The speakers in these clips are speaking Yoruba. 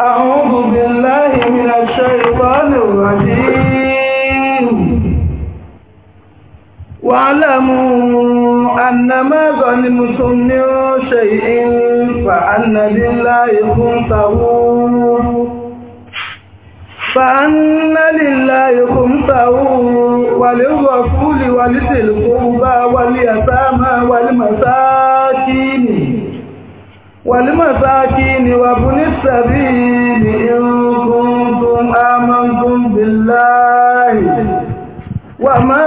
أعوذ بالله من الشيطان الرجيم واعلموا أن ما ظلمتم من شيء فأن لله خمسه فأن لله خمسه وللرسول ولذي القربى واليتامى والمساكين والمساكين وابن السبيل إن كنتم آمنتم بالله وما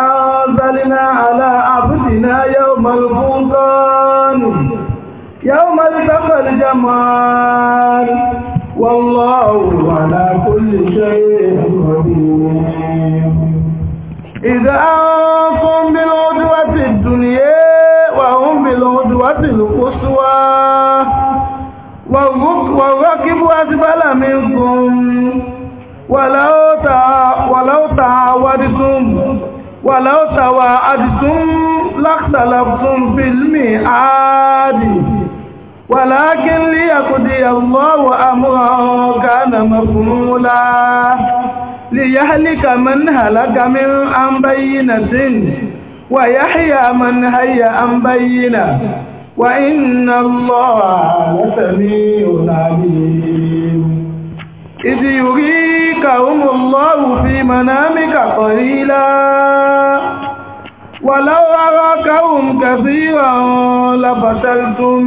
أنزلنا على عبدنا يوم الفرقان يوم التقى الجمال والله على كل شيء قدير إذا بالقصوى والركب أسفل منكم ولو ولو تعودتم ولو تواعدتم لاختلفتم في الميعاد ولكن ليقضي الله أمرا كان مفعولا ليهلك من هلك من عن بينة ويحيى من هي عن بينة وإن الله لسميع عليم إذ يريكهم الله في منامك قليلا ولو أراكهم كثيرا لفشلتم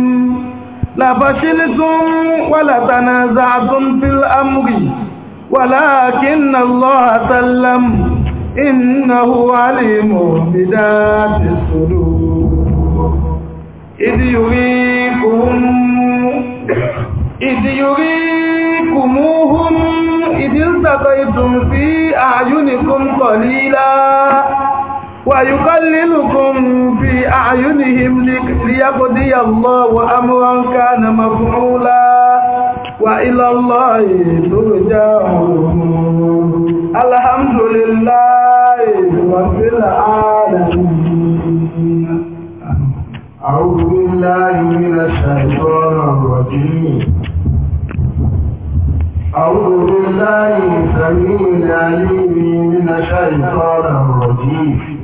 لفشلتم ولتنازعتم في الأمر ولكن الله سلم إنه عليم بذات الصدور إذ يريكموهم إذ التقيتم في أعينكم قليلا ويقللكم في أعينهم ليقضي الله أمرا كان مفعولا وإلى الله ترجعون الحمد لله رب العالمين أعوذ بالله من الشيطان الرجيم أعوذ بالله السميع العليم من الشيطان الرجيم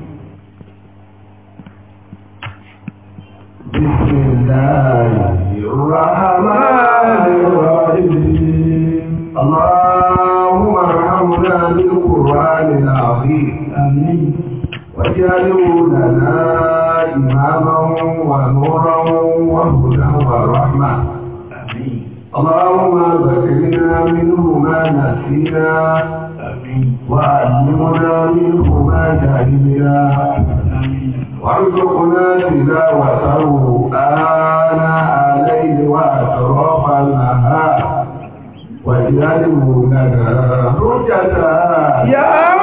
بسم الله الرحمن الرحيم اللهم ارحمنا بالقرآن العظيم آمين واجعله لنا إماما ونورا وهدى ورحمة اللهم ذكرنا منه ما نسينا وعلمنا منه ما جهلنا وارزقنا تلاوته آناء الليل وأطراف النهار واجعله لنا حجة يا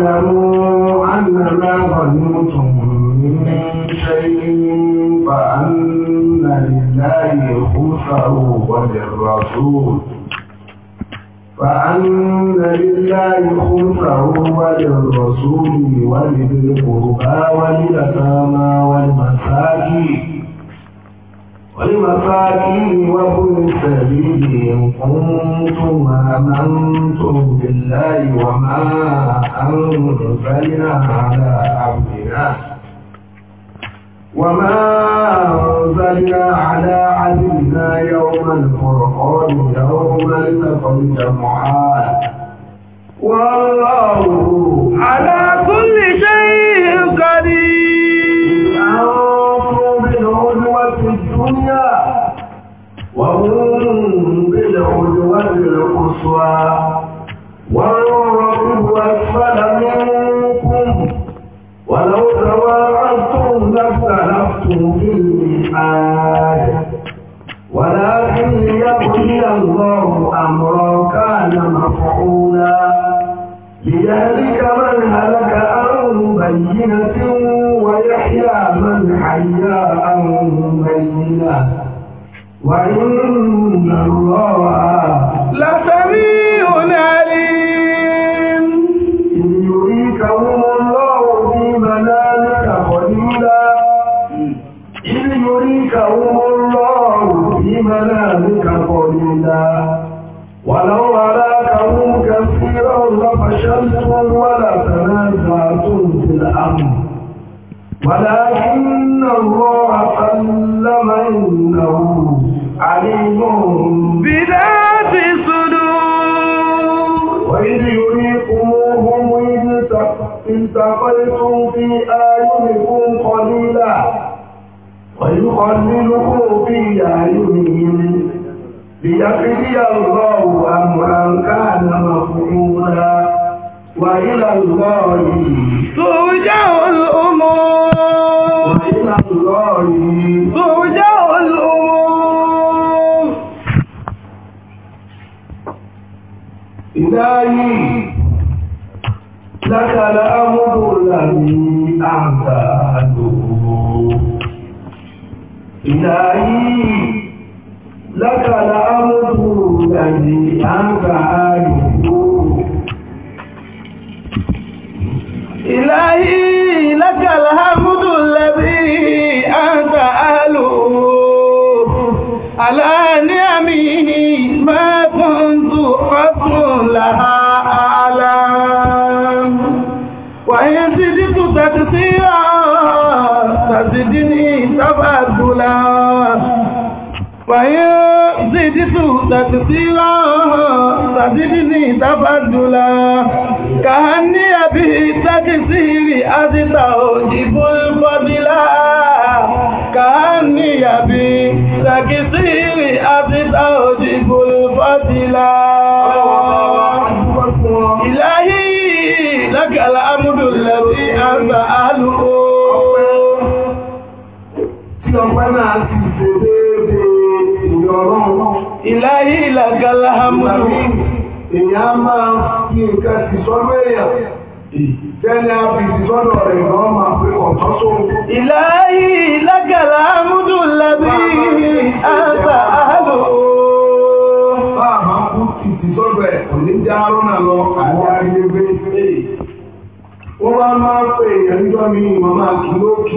واعلموا أن ما ظننتم من شيء فأن لله وَلِلرَّسُولِ وللرسول فأن لله خمسه وللرسول ولذي القربى ولليتامى والمساكين والمساكين وابن إن كنتم آمنتم بالله وما أنزلنا على عبدنا وما أنزلنا على عبدنا يوم الفرقان يوم التقى الجمعان والله على كل شيء قدير وهم بالعدوة القصوى والركب أسفل منكم ولو تواعدتم لاختلفتم في الميعاد ولكن ليقضي الله أمرا كان مفعولا ليهلك من هلك عن بينة ويحيى من حيا عن بينه وإن الله لسميع Hamba تكثيرا تزدني تفضلا كهني به تكثير أزتوجب الفضلا كهني به تكثير أزتوجب الفضلا إلهي لك الأمر الذي أنت أهله ọpẹ́ náà ti ṣe déédéé ìyọrọ ìláyé ìlàgàlà hamdu. èèyàn máa fi nǹkan ti sọ́dọ̀ èèyàn tẹ́lẹ̀ àfi ti sọ́dọ̀ rẹ̀ náà máa pé ọ̀tọ́ sóhun. ìláyé ìlàgàlà hamdu lábí àgbà àlò. bá a máa kú ti ti ẹ̀ kò ní já mi ìwọ̀n máa kí lókì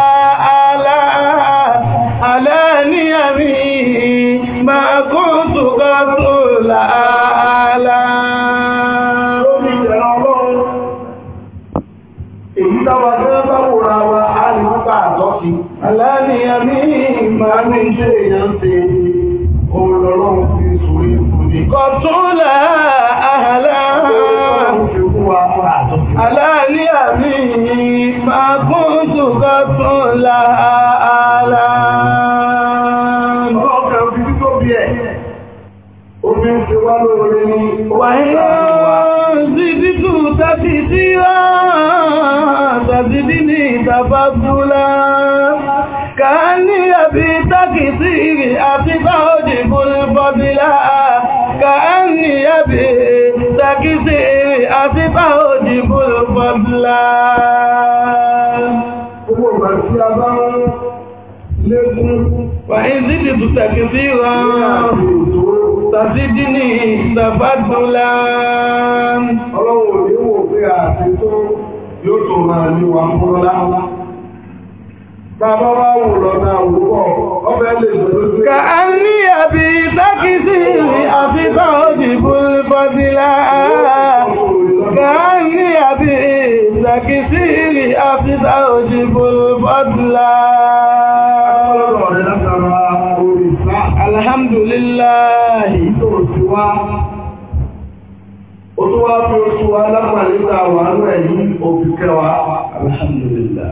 ṣe olọ́run fi sùúrù ìfúdé. kọ̀túnlẹ̀ àhàlá aláàlí àmì máa kún tù kọ̀túnlẹ̀ àhàlá. ọlọ́kẹ́ òbí tó bí ẹ̀ omi ń ṣe wá lóore ní wáyé zidikù tàbí tí ó tàbí dínì tàbá búlá kàá ní àbí كثير أتفاد كل فضلا كأني أبي كثير أتفاد كل فضلا وإن زدت تكثيرا تزدني تفضلا ọlọ́run ò ní wò pé àti tó yóò tó máa ní wa fúnra láwọn Bàbá àbí tákìsì ní àfíkà òdì fúnfọ́dílá. àbí tákìsì ní àfíkà òdì Alhamdulillahi. Ó fi oṣù wa lápàlítà wà ní ẹ̀yìn òfìkẹwàá. Alhamdulillah.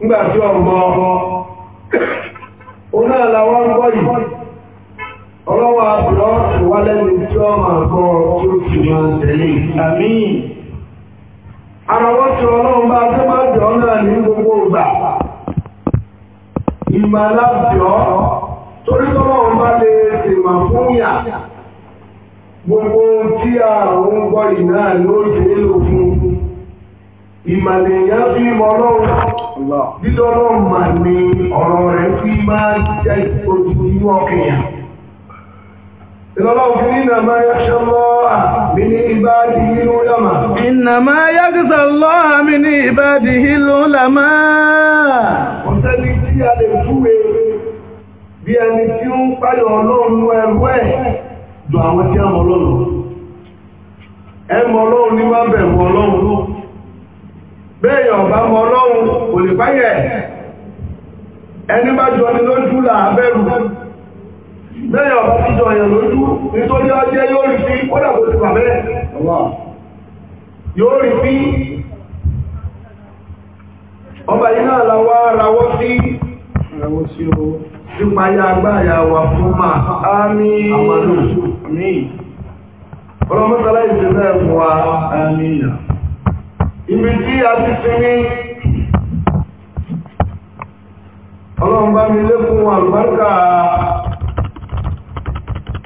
nígbà tí ọ̀gbọ́ ọmọ oná làwọn ń yìí ọlọ́wọ́ àbúrọ́ tí máa tí ó sì máa tẹ̀lé àmì tí ọlọ́run bá tó máa náà ní gbogbo ìgbà ìmọ̀ alábìọ́ torí tọ́lọ́run bá lè tèmà fún yà gbogbo tí àrùn yìí náà ló ṣe ìmàlẹ̀ ìyá fi ọlọ́run mà ní ọ̀rọ̀ rẹ̀ fi máa jẹ́ ojú inú ọkẹ̀yà ìlọ́lọ́run fi nínà máa yáṣẹ́ lọ́wọ́ ní ìbáàdì nínú lọ́mà. ìnàmá yáṣẹ́ lọ́wọ́ ní ìbáàdì nínú ọ̀sẹ́ni tí a lè fúwe bí ẹni tí ó ń páyọ̀ ọlọ́run ẹrú ẹ̀ ju àwọn tí a béèyàn bá mọ ọlọ́run kò lè ẹni bá jọ ni lójú là béèyàn ọba ti jọ lójú nítorí ọjẹ́ yóò rí sí yóò rí sí ọba yìí náà arawọ́ sí sí ya agbáyà wà ma àwọn ní ìṣẹ́fẹ́ ibi tí a ti sinmi ọlọ́run bá mi lékún àlùbáríkà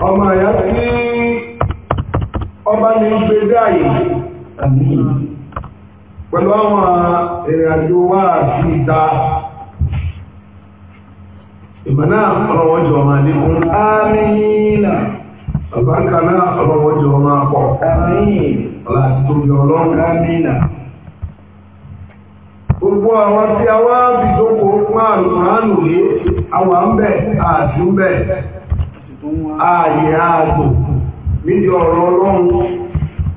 ọmọ àyá tí ọba ní gbé dáyé pẹ̀lú àwọn ìrìnàjò wá sí ìta ìmọ̀nà ọlọ́wọ́jọ́ ọmọ àdínkù ámìnà àlùbáríkà náà ọlọ́wọ́jọ́ ọmọ àpọ̀ ọlá àti tóbi ọlọ́run ámìnà gbogbo àwọn tí a wá bìdókò máa rùmánù lé àwà ń bẹ̀ àti ń bẹ̀ ààyè ààbò nídi ọ̀rọ̀ ọlọ́run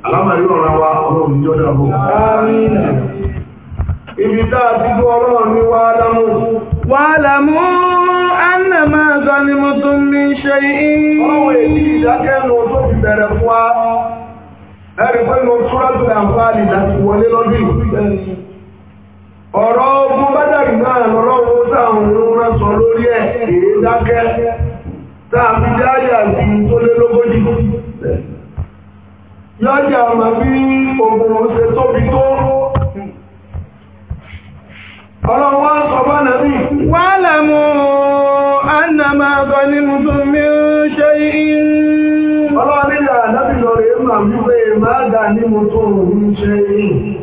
alámàrí ọ̀rọ̀ wa ọlọ́run ibi táà ọlọ́run ní lámú wà lámú ni tún ní ṣe ìyí ọ̀rọ̀ ogun bádàrí náà lọ́rọ̀wọ́ táwọn òun sọ lórí ẹ̀ èé dákẹ́ tàbí dáyà sí tó lé lógójì yọ́jà bí ogun ṣe tóbi tó ọlọ́wọ́ sọ bá nàbí wọ́n lẹ́mú tó mi ṣe in ọlọ́wọ́ nílẹ̀ máa máa dà ṣe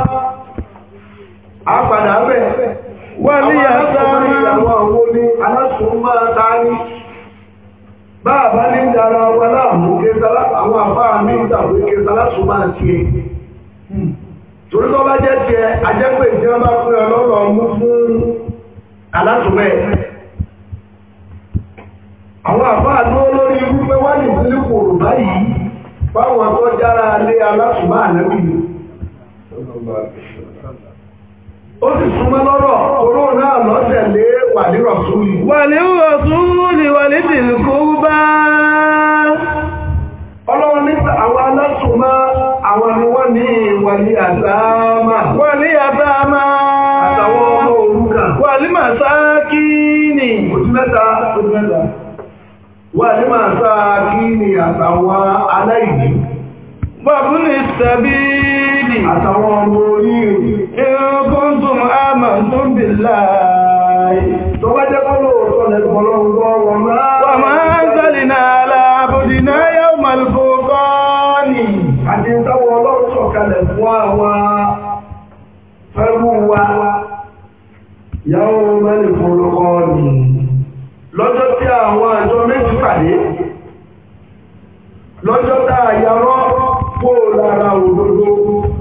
Apàdà padà bẹ̀. wọ́n ní yàtọ̀ ìyàwó àwọn ní alásùnmọ́ ta ní. bá a bá ní dára láàmú àwọn àfáà mi ń tàwé kéésàlá sùn máa tiẹ̀. torí tó bá jẹ́ tiẹ̀ ajẹ́pẹ́ ìjọba lọ́rọ̀ ọmú fún àwọn wípé ní ìpínlẹ̀ báwọn ó sì súnmọ́ lọ́rọ̀ oró náà wà ní rọ̀súlì wà ní wà ní bá ọlọ́run ní àwọn alásùnmọ́ àwọn ni ní wàlí àtàmà wàlí àtàmà àtàwọn ọmọ orúkà. wàlí màsákìnì mẹ́ta mẹ́ta wàlí àtàwọn aláìní méjì àtàwọn ọmọ orí ẹ̀kún tún àmà tó ń bè láàáyé tó bá jẹ́ kọ́ lóòótọ́ lẹ́gbọ́n lọ́wọ́ wọn náà wà máa ń sálì náà láàbòdì náà yóò màlùfò gọ́ọ̀nì àti ìtawọ̀ ọlọ́run sọ̀kalẹ̀ fún àwọn fẹ́rù wa yàwó lọ́jọ́ tí àwọn àjọ méjì pàdé lọ́jọ́ tá a kó lára òdodo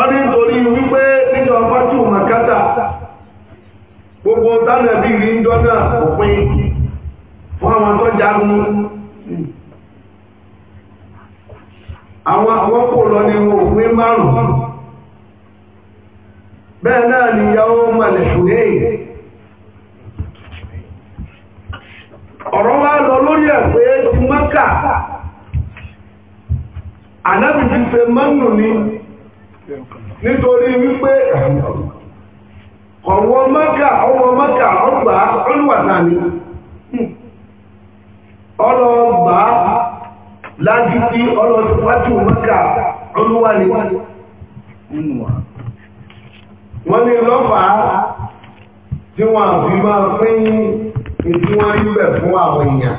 wọ́n ní torí wípé níjọ pátù màkátà gbogbo tánàbí rí ń dọ́nà òpin fún àwọn tó jagun àwọn àwọn kò lọ ní òpin márùn-ún bẹ́ẹ̀ náà ni ìyàwó mọ̀lẹ̀ ṣùgbẹ́ ọ̀rọ̀ wá lọ lórí ẹ̀ pé ti mọ́kà ànábìtì fẹ́ mọ́nù ni nítorí wípé ọ̀wọ́ mọ́kà ọmọ mọ́kà ọgbà olúwàtàní ọlọ́gbà lájú tí ọlọ́tíwájú mọ́kà olúwàní wọ́n ní lọ́fàá tí wọ́n àfi máa pín ìtí wọ́n rí fún àwọn èèyàn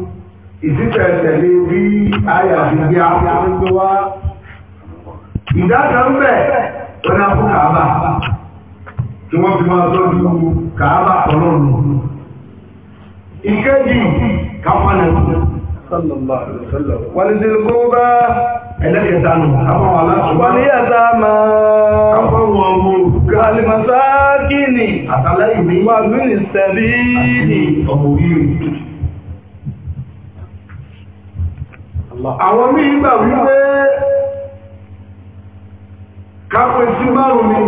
ìsítẹ̀ẹ̀tẹ̀lé bí ayà gbígbé àpapọ̀ wá ìdájọ́ ń bẹ̀ lọ́nà fún kàábà tí wọ́n fi máa tọ́jú kàábà ọlọ́run ìkéjì káfánà wàlìdìlgóbá ẹlẹ́kẹ̀ẹ́sánù káfáwọn aláṣọ wàlìyàtà máa káfáwọn ọmọ kàlìmọ̀sáàkì ni àtàlẹ́yìn wà lónìí sẹ́bí ọmọ orí àwọn míì gbà wípé kápẹ́ sí márùn ni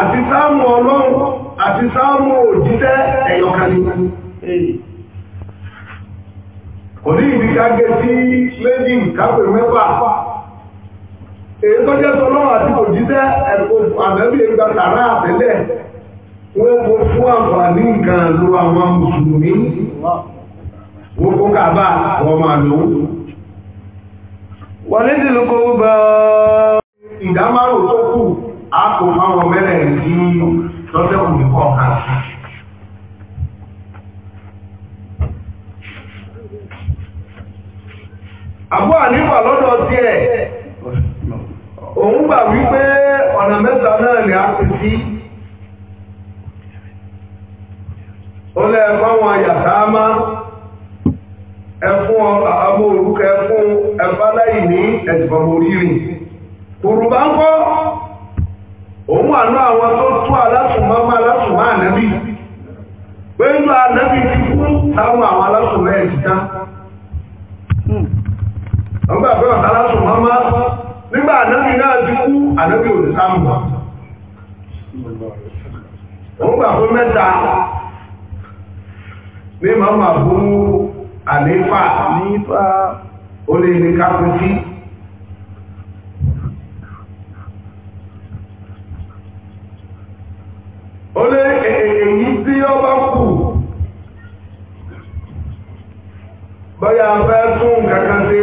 àti sáàmù ọlọ́run àti sáàmù òjíṣẹ́ ẹ̀yọkàní kò ní ìdí kágẹ́ sí méjì kápẹ́ mẹ́fà èyí tó jẹ́ tọ́lọ́run àti òjíṣẹ́ ẹ̀kọ́ àbẹ́bí ìgbà tààrà àtẹ́lẹ̀ wọ́n kò fún wọ́n kó kàbá wọ́n máa lò ó bá ìdámárò tó kù á máwọn mẹ́rẹ̀ ní lọ́sẹ̀kù nìkan kan àbọ́ àníwà lọ́dọ̀ ẹ̀ òun gbà wípé ọ̀nà mẹ́ta náà ni a ti sí ẹfún àmọ́ orúkọ ẹfún ẹbáláì ní O oríire kùrùbá ń kọ́ òun àná àwọn tó tó alásùnmọ́mọ́ alásùnmọ́ ànábì pẹ̀lú ànábì ti kú táwọn àwọn alásùnmọ́ ẹ̀ ti já ọgbà pé ọ̀tá alásùnmọ́mọ́ nígbà ànábì náà ti kú ànábì ò ní sáàmù òun gbà mẹ́ta ní màmá ànífà nífà ó lè ní kápútí ó lè e, e, èyí tí ó bá kù bọ́yá fẹ́ sí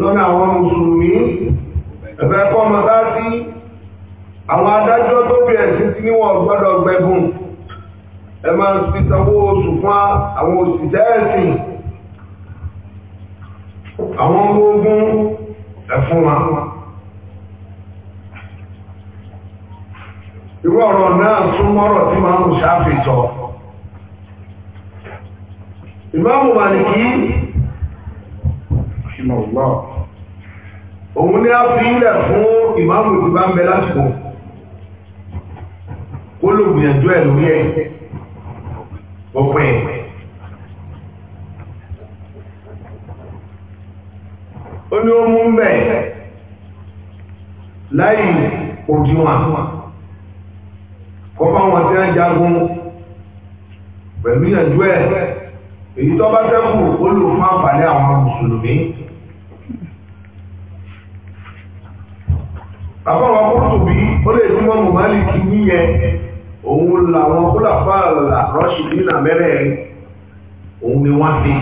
lọ́nà àwọn mùsùlùmí ẹ̀fẹ́ bá sí àwọn adájọ́ tó bí sí ti níwọ̀n gbọ́dọ̀ gbẹ̀bùn ẹ máa ń fi sanwó oṣù fún àwọn òṣìṣẹ́ ẹ̀sìn àwọn ọmọ ogun ẹ̀fún wa irú ọ̀rọ̀ náà súnmọ́rọ̀ tí máa ń ṣáfi sọ ìmáàmù Màlìkí ṣìmọ̀lọ́ òun ni a fi ilẹ̀ fún ìmáàmù ìdíbàmbẹ̀ lásìkò kó lò ẹ̀ lórí ẹ̀ okwenye onye omu mbe láì òdiwọ̀n kọba wọn tí wọ́n jagun pẹ̀lú èyí tó bá lò àǹfààní àwọn mùsùlùmí àbọ̀wọ̀ bí ó lè kì òun làwọn kúlàfà rọ́ṣì nínà mẹ́rẹ̀ òun ni wọ́n ti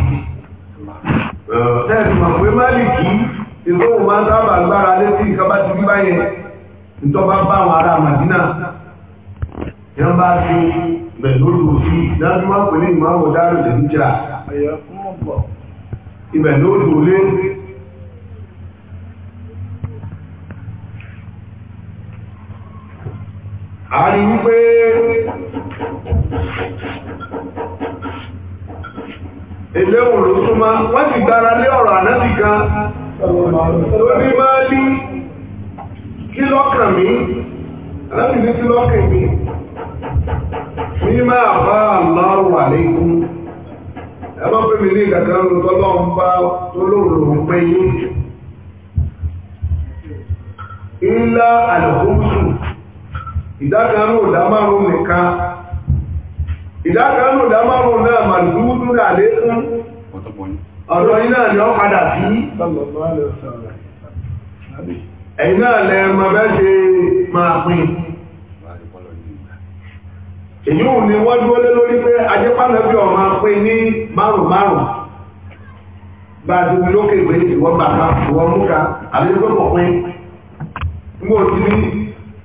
tẹ́ẹ̀tì mọ̀ pé máàlìkì ìgbóhùn máa dábà gbára létí ìkọba ti bíbá yẹn nítọ́bá bá àwọn ará Màdínà yẹn bá ti bẹ̀lúrù dájú a rí wípé eléwùn ló súnmọ́ wọ́n ti gbára lé ọ̀rọ̀ tó ní máa lí kí lọ́kàn mi ànábì ní kí lọ́kàn máa bá àlọ́rùn àlékún ẹgbọ́n pé mi ní ìgbàkan ló tọ́lọ́ bá tó ìdákanú ìdá márùn nìkan márùn náà màdúdú náà lékún ọ̀rọ̀ yìí náà ni ó padà sí ẹ̀yìn náà lẹ ma bẹ́ ṣe máa pín èyí ò ní wọ́n dúró lé lórí pé ajẹ́pánàbí ọ̀ma pín ní márùn márùn bá lókè ìwọ́n bàbá ìwọ́n àbí pọ̀ pín ní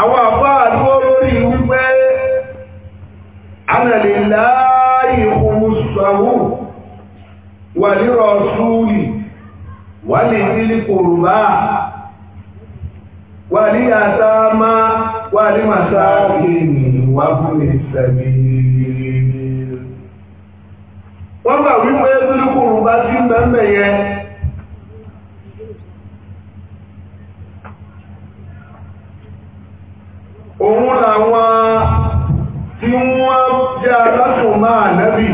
àwọn àbá àdúró lórí wípé anàlélá ìkùnmù sọ̀wọ́ wà nírọ̀ súúlì wà lè nílì kòrùbá wà ní àtàmà wà ní màsáàkìní wà fún ìsẹ̀mí wọ́n bà wípé nílì kòrùbá sí mẹ́mẹ́ yẹn kò maa nẹ́bì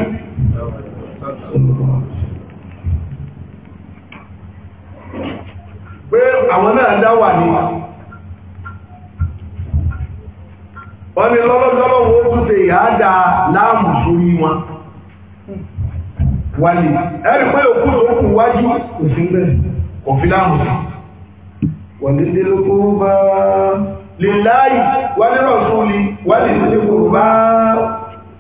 pé àwọn náà ní wọ́n ni lọ́lọ́lọ́lọ́ wo tún ṣe ìyáàdá láàmù sórí wọn wálé ẹ̀rí pé òkú tó kù wájú òsínlẹ̀ kọ̀fíláàmù wàlélélógún bá lè láàyè wálé rọ̀ sórí bá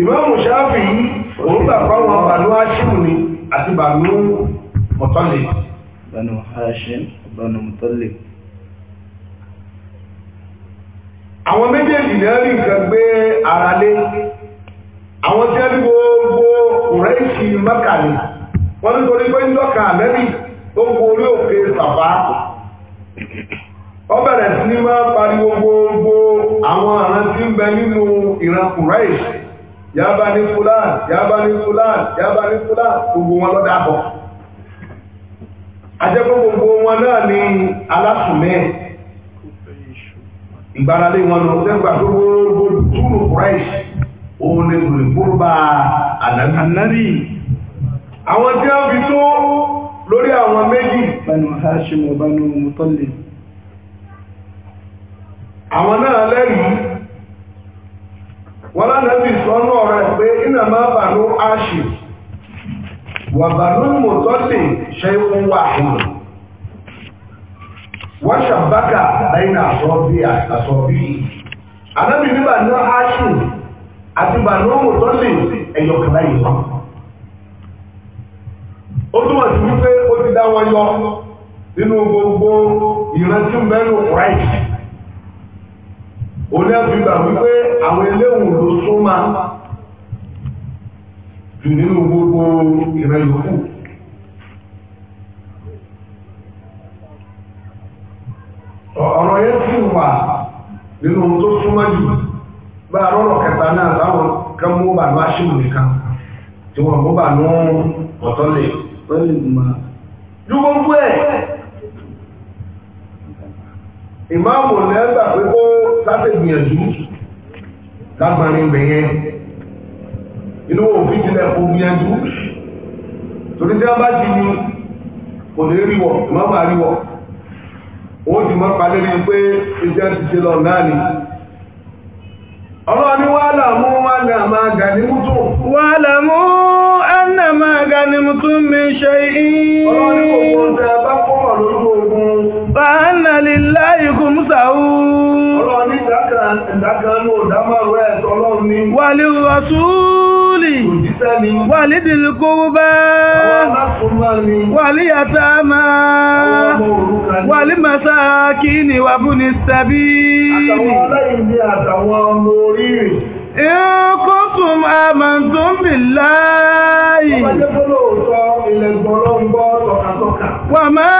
ìmáàmù ṣáàfì yìí òun gbà fáwọn bànú áṣímù ni àti mọ̀tọ́lẹ̀ àwọn méjèèjì náà rí nǹkan gbé ara lé àwọn tí ẹni gbogbo rẹ́ẹ̀kì mẹ́kàlì wọ́n ní torí pé ń dọ́kà tó ń gbogbo àwọn àrántí ń bẹ nínú yaba ní fúlàn yaba ní fúlàn yaba ní fúlàn gbogbo wọn lọ́dà bọ̀ ajẹ́kọ́ gbogbo wọn náà ní alásùnmẹ́ ìgbàlálé wọn lọ sẹ́gbà gbogbo túnú fresh òun lè lòlè kúrúbà ànárí àwọn tí a fi tó lórí àwọn méjì Banu Hashim wa Banu Mutallib àwọn náà lẹ́yìn wọ́n lánàbì sọ́nà ọ̀rẹ́ pé iná máa bà ní áṣì wà bà ní mọ̀tọ́sì ṣe ń wà hùn wọ́n ṣàbákà lẹ́yìn àṣọ́bí àṣọ́bí anábì ní bà ní áṣì àti bà ní mọ̀tọ́sì ẹ̀yọ̀ kàlá ìwà ó túmọ̀ sí wípé ó ti dá wọn yọ nínú gbogbo ìrántí mẹ́rin Christ onígbàgbé wípé àwọn eléwùn ló súnmọ́ jù nínú gbogbo ìran yòókù ọ̀rọ̀ yẹn sì wà nínú tó súnmọ́ jù bá rọ́rọ̀ kẹta náà láwọn kan mú bà ní aṣíwò nìkan tí wọ́n mú bà ní ọ̀tọ́lẹ̀ lórí ìgbìmọ̀ ìmáàmù lẹ́gbà pé kó látẹ̀gbìyànjú lágbàrin bẹ̀yẹ inú òfin jìnlẹ̀ kò gbìyànjú torí tí a bá jí ní kò ní ríwọ̀ ìmáàmù àríwọ̀ ó ti palẹ́ ní pé iṣẹ́ ti ṣe lọ náà ni wà láàmú wà láàmú àgànímútù wà láàmú ànàmà àgànímútù mi ṣe kò kó lillahi kùmùsàú. ọlọ́run ní ìdákan ló dámọ̀rọ̀ ẹ̀ tọ́lọ́run ní. wà ni. wà ní in kuntum amantum billahi wa ma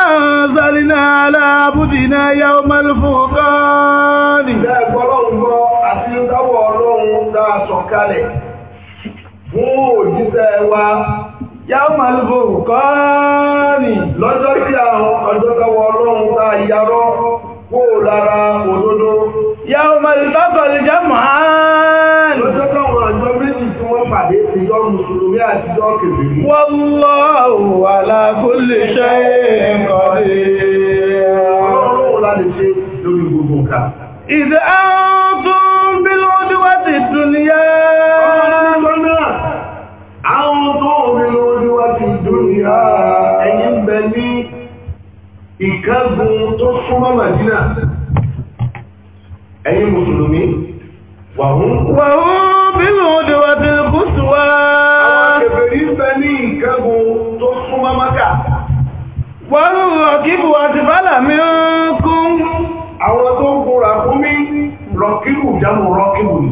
anzalna ala abudina yawmal furqan Fún òjíṣẹ́ wa, yá máa lè bò kọ́ọ̀nì lọ́jọ́ tí àwọn ọjọ́ tọwọ́ ọlọ́run ta ìyàrọ́ kó lára òdó yàwó màlìbábàlì jam'an lọ́jọ́kọ́ wọn àjọ méjì tí wọ́n pàdé ti jọ mùsùlùmí àti jọ kèfèrí wallahu ala kulli shay'in qadir ọlọ́run láti ṣe lórí gbogbo nǹkan ìdí antum bil udwati dunya àwọn tó bil udwati dunya ẹ̀yin bẹ̀ ní ìkágun tó súnmọ́ màdínà ẹ̀yin mùsùlùmí wàhún. wàhún bí lòun dé wá sí gúúsù wá. àwọn kèfèrí ń bẹ ní ìkẹ́gun tó súnmọ́ mọ́kà. wọ́n ń rọ̀ kíkù àti bálà mi ń kún. àwọn tó ń gunra fún mi rọ̀kìrù jámù rọ̀kìrù ni.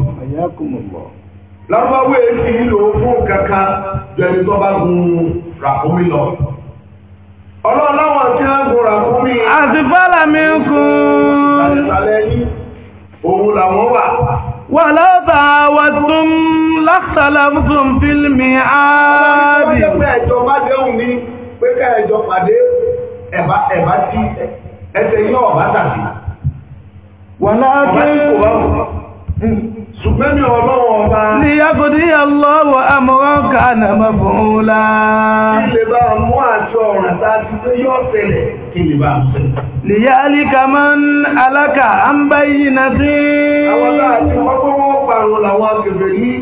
lọ́wọ́wé ti lò fún kankan jẹ́ni tó bá gun ràkúnmí lọ. ọlọ́ọ̀láwọ̀n tí wọ́n gun ràkúnmí. àti bálà mi ń òun làwọn wà. wà látà wà tún látàlámùsùn fílmì áàdì. wọ́n jẹ́ pé ẹ̀jọ̀ bá déhùn ní pé ká ẹ̀jọ̀ pàdé ẹ̀bá ẹ̀bá tí ẹsẹ̀ yín tàbí. wà látà ṣùgbọ́n mi ọlọ́wọ́ ọba. ní ọlọ́wọ́ bá mú kí lè bá fẹ́. lèyà alíkà máa ń alákà á ń bá yìí na sí. àwọn láti wọ́pọ̀ wọ́n parun làwọn agbègbè yìí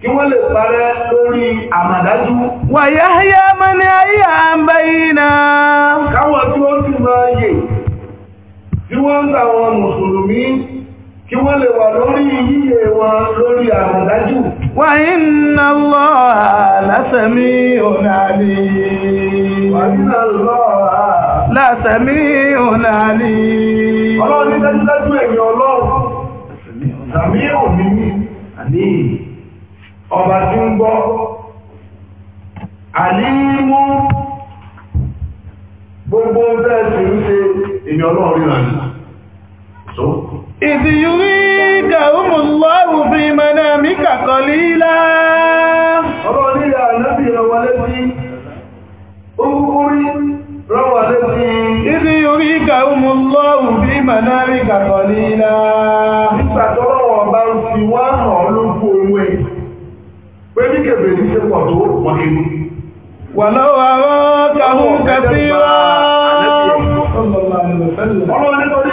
kí wọ́n lè parẹ́ lórí àmàdájú. wàyá yá máa tí wọ́n sì máa mùsùlùmí kí wọ́n lè wà lórí yíyẹ wọn lórí àmàdájú. Wa inna Allaha la sami'un alim. Wa inna Allaha lásẹ̀mí ònàlì. Ọlọ́run ní dájúdájú èmi ọlọ́run. Sàmí òní mi. Àní ọba tí ń gbọ́. Àlímú gbogbo bẹ́ẹ̀ sì ń ṣe èmi ọlọ́run rí ràn ní. Ìdí yúrí dàrúmù lọ́rù fi mẹ́nà mí kàkọ̀ lílá. Ọlọ́run ní ìyá àlẹ́bì ìrànwọlé sí. Ó kúkú Ibi orí ìkà ọmọ lọ́wù bí Mànárì kàkọ̀ nílá. Nígbà tọ́lọ́wọ̀ bá ń fi wá hàn onwe. Pé ní ṣe pọ̀ tó wọ́n Wà lọ́wọ́ àwọn kàhún kẹsí wá. Ọlọ́run nítorí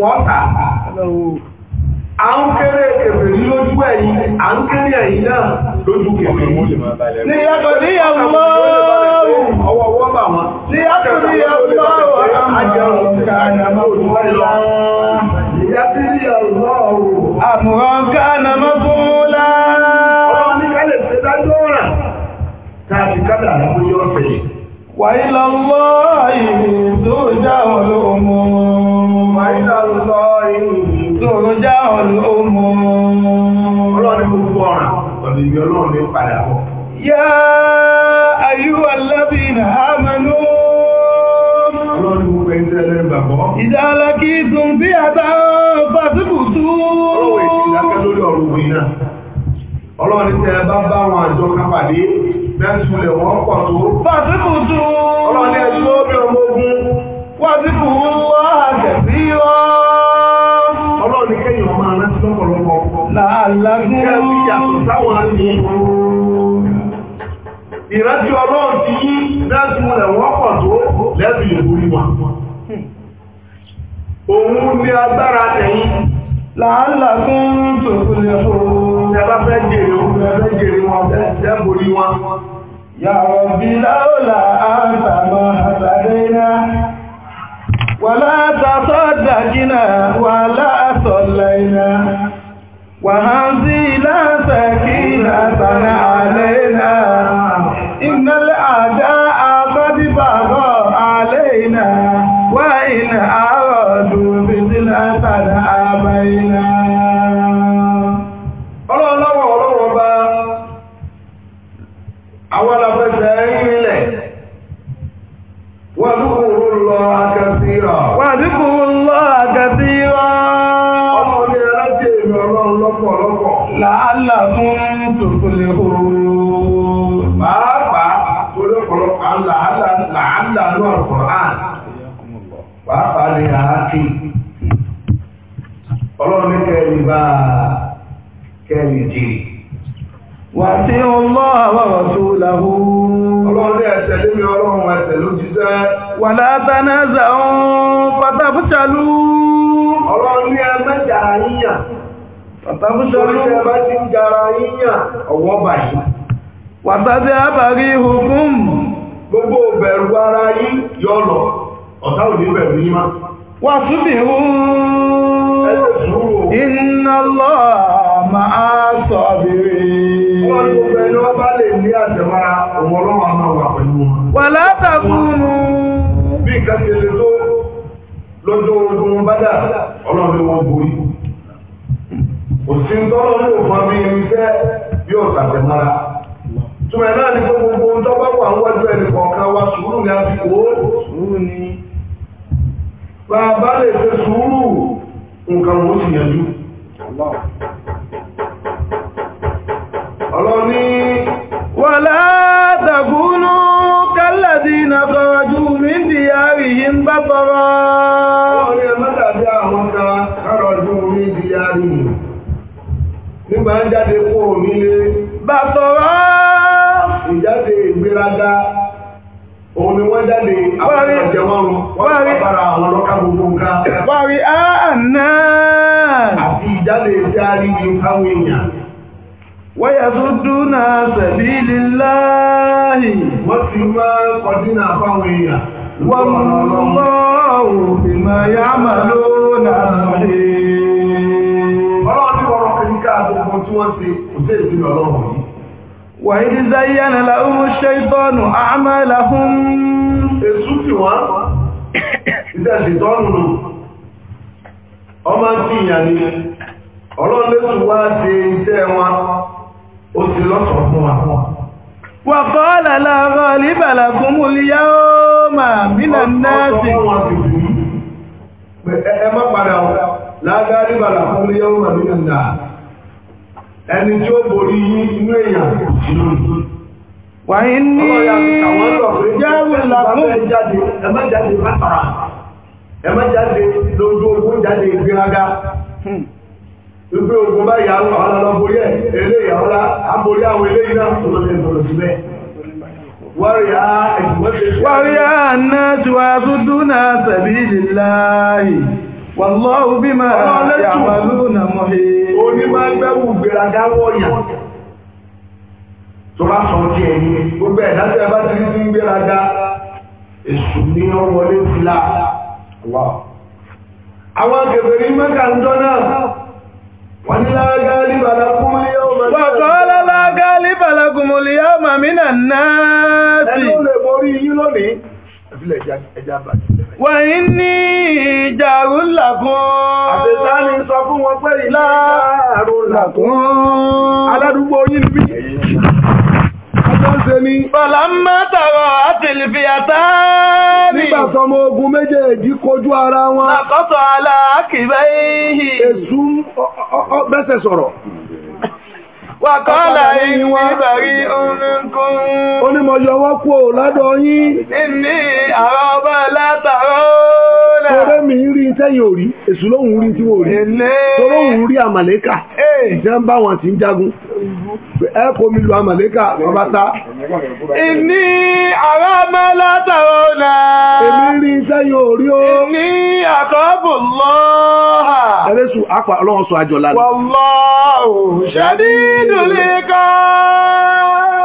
wọ́n tà à lójú ẹ̀yìn à ń náà lójú kèfè ní yàtọ̀ ní ẹ̀mọ́ ìyọ́ lọ́rùn ní padà bọ̀. Yá ayúwà lábí ìnà àmànú. Ọlọ́run gbogbo ẹni tẹ́lẹ̀ gbàgbọ́. Ìdálákì dùn bí àbá pàṣípùtù. Ọlọ́run èsì ìdákẹ́ lórí ọ̀rọ̀ òwe náà. Ọlọ́run tẹ́ bá bá wọn àjọ kápàdé, mẹ́sùlẹ̀ wọ́n pọ̀ tó. Pàṣípùtù. Ọlọ́run ẹ̀ṣọ́ bí ọmọ ogun. Pàṣípùtù wọ́n àjọ Ìrántí ọlọ́run ti yí láti múlẹ̀ wọ́n pọ̀ tó lẹ́bí ìwúrí wa. Òun ni agbára tẹ̀yìn. Làálà fún tòkú lè fòó. Ṣẹba fẹ́ jèrè òun fẹ́ jèrè wọn fẹ́ jẹ́mborí wọn. Yàrọ̀ bí láòlà àtàmà àtàdé náà. Wà látàtọ́ dàkínà wà lá tanaza'u fatabtalu ọ̀rọ̀ ní ẹmẹ́jà yíyàn fatabtalu ẹmẹ́ ti ń jara yíyàn ọwọ́ bàyí wàtàdé àbàrí hukum gbogbo bẹ̀rù ara yí yọ́lọ̀ ọ̀tá ò bẹ̀rù yí má wà súnbì hún iná lọ́ bí nǹkan ṣe lè tó lọ́jọ́ ogun bádà ọlọ́run wọn borí òsín tọ́lọ́ ní òfin bí irinṣẹ́ yóò ṣàtẹ̀mọ́ra túmọ̀ náà ní gbogbo ohun wa sùúrù sùúrù bá a bá lè ṣe bátọ́rọ́. ahụ Nígbà ń jáde kó nílé. Bátọ́rọ́. Ìjáde ìgbéraga. Òun ni wọ́n jáde àwọn ọ̀jẹ̀ wọn rún. Wọ́n bá bára àwọn lọ́ka gbogbo nǹkan. Wàrí àná. Wọ́n ti máa kọjú náà fáwọn èèyàn. Wallahu bima ya'maluna Wa idh zayyana lahumu ash-shaytanu a'malahum. Èsù tí wọ́n, ìdẹ́sì tọ́nù nù, ọmọ tí ìyàn ni, ọlọ́lẹ́sù wá ṣe iṣẹ́ wọn, ó ti lọ́sọ̀ fún wa. Wa qala la ghaliba lakumul yawm yọ́mà mínà náà ti ẹ má padà lágbárí bàlá fún yọ́mà mínà náà ẹni tí ó borí yí inú èèyàn wàyí ní yáwùlà fún ẹ má jáde látara ẹ má jáde lójú ogun jáde ìgbéraga hmm. wípé ogun báyìí àwọn ọlọ́lọ́ borí ẹ̀ eléyàwó lá àborí àwọn eléyìí náà tó lọ́lẹ́ ìbọ̀lọ̀ síbẹ̀ وَرِيَاءَ النَّاسِ وَيَصُدُّونَ عن سَبِيلِ اللَّهِ وَاللَّهُ بِمَا يَعْمَلُونَ مُحِيطٌ Oní máa gbẹ́wù gbèrágá wọ̀nyà. Tó bá sọ ti ẹ̀yìn, gbogbo ẹ̀dá tí ẹ bá ti rí ń gbéraga, èṣù ní ọ fìlà. Àwọn akẹ̀bẹ̀rí mẹ́ta ń jọ náà, wọ́n ní lágá líbàlá kúmúlé Wẹ̀yìn ní ìjàrú làkún. Àbẹ̀sáni sọ fún wọn pé ìjàrú làkún. Aládùúgbò yìí níbí. Ọjọ́ ń ṣe ní. Bọ̀lá mẹ́tàrọ̀ àti ìfìyàtá ogun méjèèjì kojú ara wọn. Àkọ́sọ̀ aláàkìbẹ́ yìí. Wàkọ́lá ìwọ̀n ìbàrí ominkun. Ó ní mo yọ wọ́n kú lọ́dọ̀ yín. Ní àwọn ọba látàrọ́ náà. Torẹ́ mi ń rí tẹ́yìn ò èṣù lóhùn rí tí wọ́n rí. Torọ́ òun rí àmàlẹ́kà. Ìjẹ́ ń bá wọn ń jagun. Ẹ kò mi lu àmàlẹ́kà ọba ta. Ní àwọn ọba látàrọ́ náà. Èmi rí o. Ní àkọ́bù ìdùnnú ká.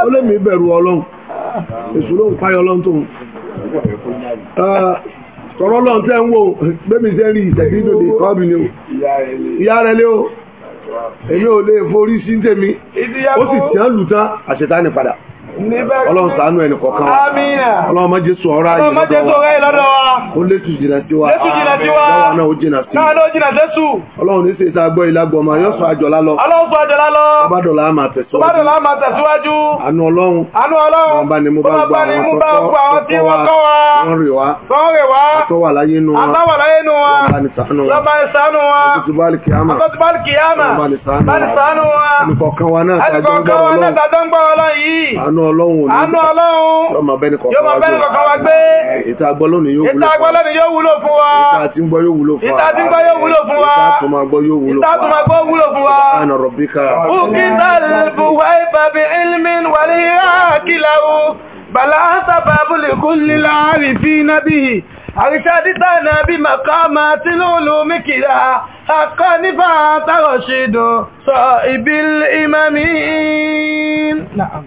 olómi bẹ̀rù ọlọ́run èṣù ló ń payọ ọlọ́run tó ń tọrọ lọ́n tẹ́ ń wò bébí tẹ́ rí ìtẹ̀kí lòdì kọ́ọ̀bì ni o ìyá rẹ lé o èmi ò lè forí sí tèmi ó sì tí wọ́n lù tán àṣetá ni ọlọ́run ṣàánú ẹnì kọ̀ọ̀kan wa ọlọ́run má jésù ọ̀rọ̀ ayé lọ́dọ̀ wa ó létù jìnà sí wa dáwà náà ó jìnà sí ọlọ́run ní sí ìta gbọ́ ìlágbọ́ ma yóò sọ àjọ lálọ ọba dọ̀là àmà tẹ̀síwájú àánú ọlọ́run wọn bá ní mo bá gbọ́ àwọn tí wọ́n kọ́ wa wọ́n rè wá àtọ́ wà láyé nu wa wọ́n bá ní ṣàánú wa àtọ́tubálì kìámà wọ́n bá ní ṣàánú wa ẹnì kọ̀ọ̀kan wa náà tàjọ́ ń gbọ́ ọlọ́run ọlọ́run òní. àánú ọlọ́run yóò máa bẹ́ni kọ̀ọ̀kan wá gbé. ìta gbọ́ lónìí yóò wúlò fún wa. ìta tí ń gbọ́ yóò wúlò fún wa. ìta tí ń gbọ́ yóò wúlò fún wa. ìta tó máa gbọ́ yóò wúlò fún wa. ìta tó máa gbọ́ wúlò fún wa. ana rabbika. bukita alfuwaifa bi ilmin waliya kilawo. bala sababu likulli laarifina bihi. أرشدتنا بمقامات العلوم كلا حقا فأنت رشيد صائب الإمامين نعم